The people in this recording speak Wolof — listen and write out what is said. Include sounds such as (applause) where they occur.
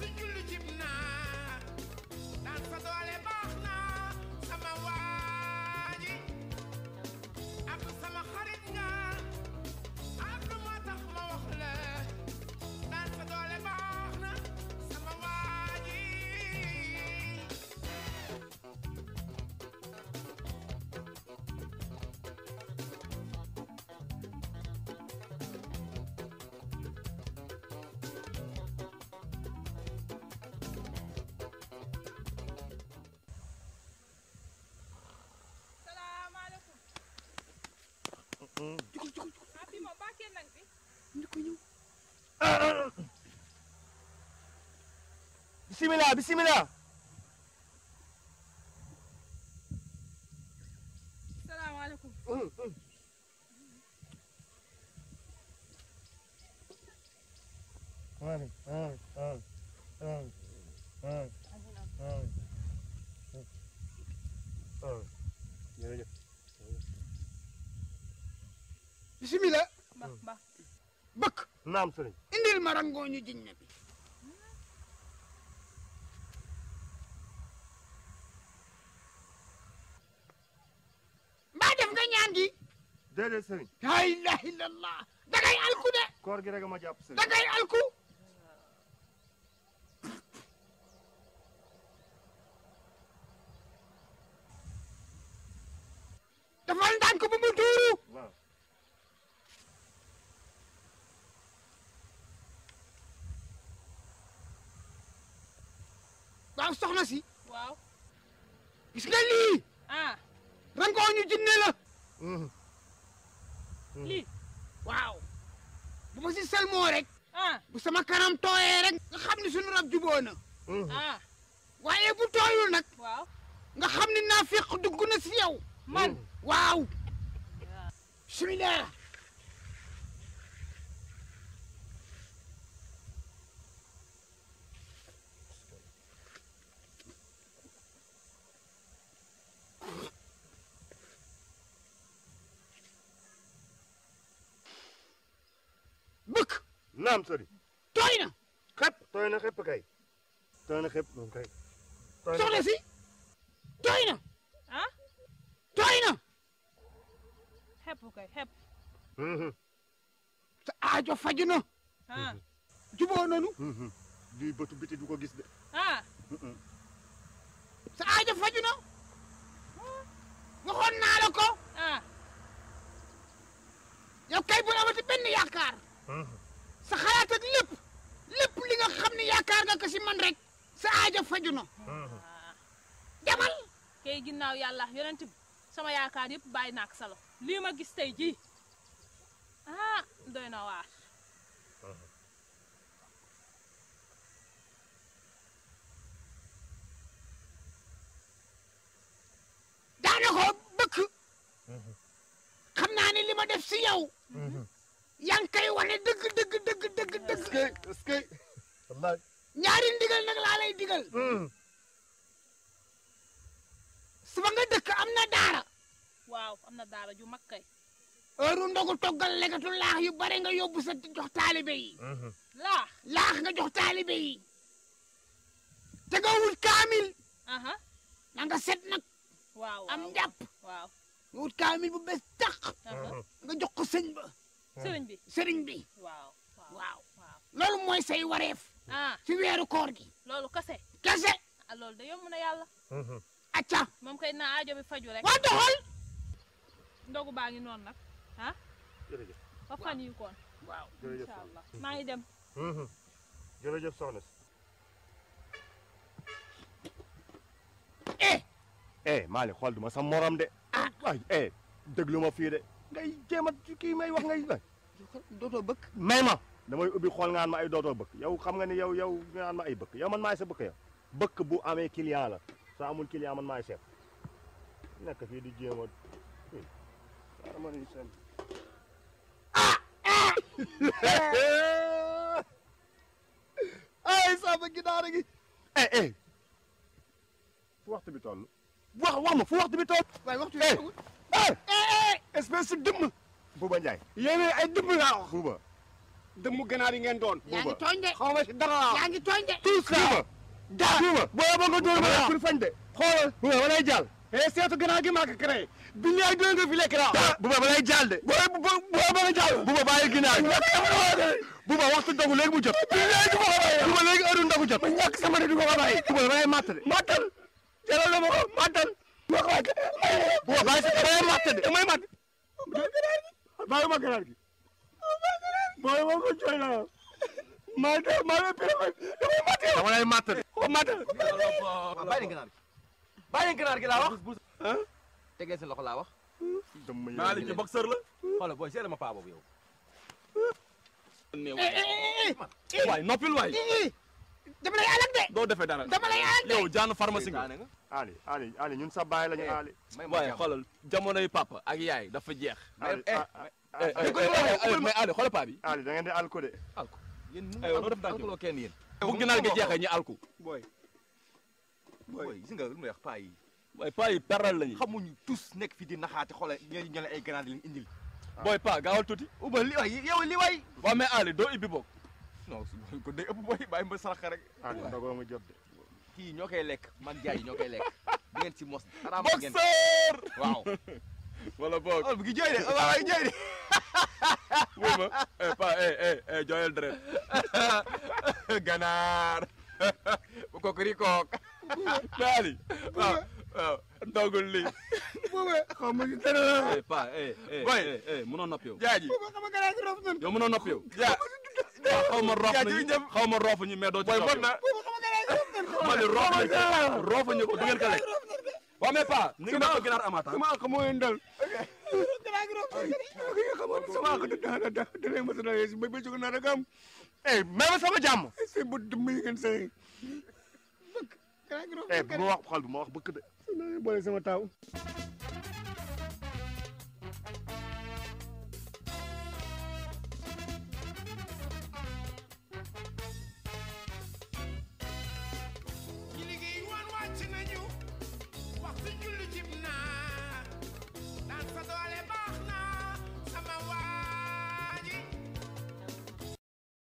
Singulity Bismillah, bismillah. Selamun aleyküm. Hı, hı. Hani, hani, Bismillah. Bak bak. Bak. Nam senin. İndir marangoni dinle bir. déedéet la ilaha illallah da alku de koor gi rek ma jàpp sëriñ da ngay alku dafal bu mu tuuru soxna si waaw gis nga lii ah lii waaw bu ma si salmoo rek ah. bu sama kanam tooyee rek nga xam ni suñu rab juboo na mm-hmm. ah. waaye bu tooyul nag nga xam ni naa féq dugg na si yow man mm. waaw bismillah naam sëriñ. tooy na. xepp tooy kay. tooy na xepp si. tooy na. ah. kay xepp. sa aajo faju ah. juboo nanu. lii bëtu biti du gis de. Ah. sa aajo faju na. Ah. waxoon naa ko. ah. yow kay bu amati benn nga ko ci man rek sa aja fajuno jamal kay ginnaw yalla yonent sama yaakaar yep bàyyi nak salo li ma gis tay ji ah doy na waar bëkk xam naa ne def si yow mhm. ñaari ndigal nag laa lay digal. Hmm. su ba nga dëkk am na daara. na daara ju mag kay. heure ndogu toggal lekkatu laax yu bare nga yóbbu sa jox taalibe yi. Hmm. laax laax nga jox taalibe yi. te nga wut kaamil. na nga set nag. am njàpp. nga wut kaamil bu bees tàq. Hmm. nga jox ko sëñ ba. sëriñ bi sëriñ bi. waaw waaw loolu mooy say wareef. ci weeru koor gi. loolu kase kese. ah loolu de yomb na yàlla. Mm-hmm. acca. moom kay naa aajo bi faju rek. waa doxal. ndogu baa ngi noonu nag ah. jërëjëf fan yu koon. waaw jërëjëf allah maa ngi dem. Mm-hmm. jërëjëf soxna si. eh. eh xool du ma sa morom de. ah waay eh déglu ma fii de. ngay jéem a kii wax ngay. dootoo bëgg may ma. damay ubi xol nga ma ay doto bëkk yow xam nga ni yow yow nga ma ay bëkk yow man may sa bëkk ya bëkk bu amé client la sa amul client man may chef nek fi di jema ni sen ay sa ba gi gi eh eh fu waxtu bi toll wax wax ma fu waxtu bi toll way waxtu bi toll eh eh espèce de bu ba Ndiaye yéen ay dëmm laa wax Bouba dëmm ganaar yi ngeen doon. yaa ngi tooñ de xaw ma si dara laa. yaa ngi tooñ de. tuus la dara tuuma booy ba nga dóor ma laa pour fañ de. xoolal bu ma balay jàll. eh seetu ganaar gi maa ko créé. biñ laa doon nga fi lekk laa. bu ma balay jàll de. booy bu booy ba nga jàll. bu ma bàyyi ginaar bu ma waxtu ndogu léegi mu jot. biñ laa du ma ko bàyyi. bu ma léegi heure ndogu jot. ma ñàkk sama de du ma ko bàyyi. bu ma balay màtt de. màttal jaral na ma ko màttal. bu ma bàyyi sa damay màtt de damay màtt. bàyyi ma ganaar gi mooy woo ko jooy naa maa ngi maa ngi doon damay dama lay matt de. waaw oh, matt. Ah, bàyyi leen ganaar gi bàyyi leen ganaar gi laa wax. tegee sa loxo laa wax. maa ngi ci boxeur la. booy seere ma paa boobu yow. Eh, eh, eh, waay noppil waay. dama lay alak de. doo defee dara dama lay alak de. yow jaanu pharmacie nga. Ali Ali sa baay lañu Ali. waaye jamonoy papa ak yaay dafa jeex. Ah, ah. di ko waxee mais Aliou xoolal paa bi. Aliou da ngeen di alko de. alko yéen mun eh, nga alko alkoloo kenn yéen. Eh, bu ginaar gi jeexee ñu alko. booy booy gis nga lu may wax paa yi. waaye paa yi perral lañu. xamuñu tous nekk fi di naxaate xoolal ñooñu ñooñu ay ginaar di leen indil. Ah. booy paa gaawal tuuti. oubien li waay yow li waay. waaw mais Aliou doo ibbi boog. non suñu ko day ëpp booy bàyyi ma sarax rek. Aliou ndogoo ma jot de. kii ñoo koy lekk man jaay ñoo koy lekk. (laughs) di ngeen si mos. xaraam ngeen boxeur waaw (laughs) wala boog xool oh, bu gi jooy de waaw oh, waaye jooy de. (laughs) wóor ma eh, pa eh, eh, jooyal dërët (laughs) ganaar (laughs) kooku ri kook daali waaw waaw ndogul li booba xaw ma gis dara pa boy mënoo noppi yow jaaji yow mënoo noppi yow jaa xaw ma roof nañu xaw ma roof ñu mais doo ci boy mën na xaw ma roof nañu ko du ngeen ko lekk waaw mais ngi naan ginaar sama ak mooy ndal. sama ak dana dana dana yeesu ba ba jóg naa rek am. eh mais sama jàmm. si bu mi ngeen sëy. ginaar gi bu ma wax xol bi ma boole sama taaw.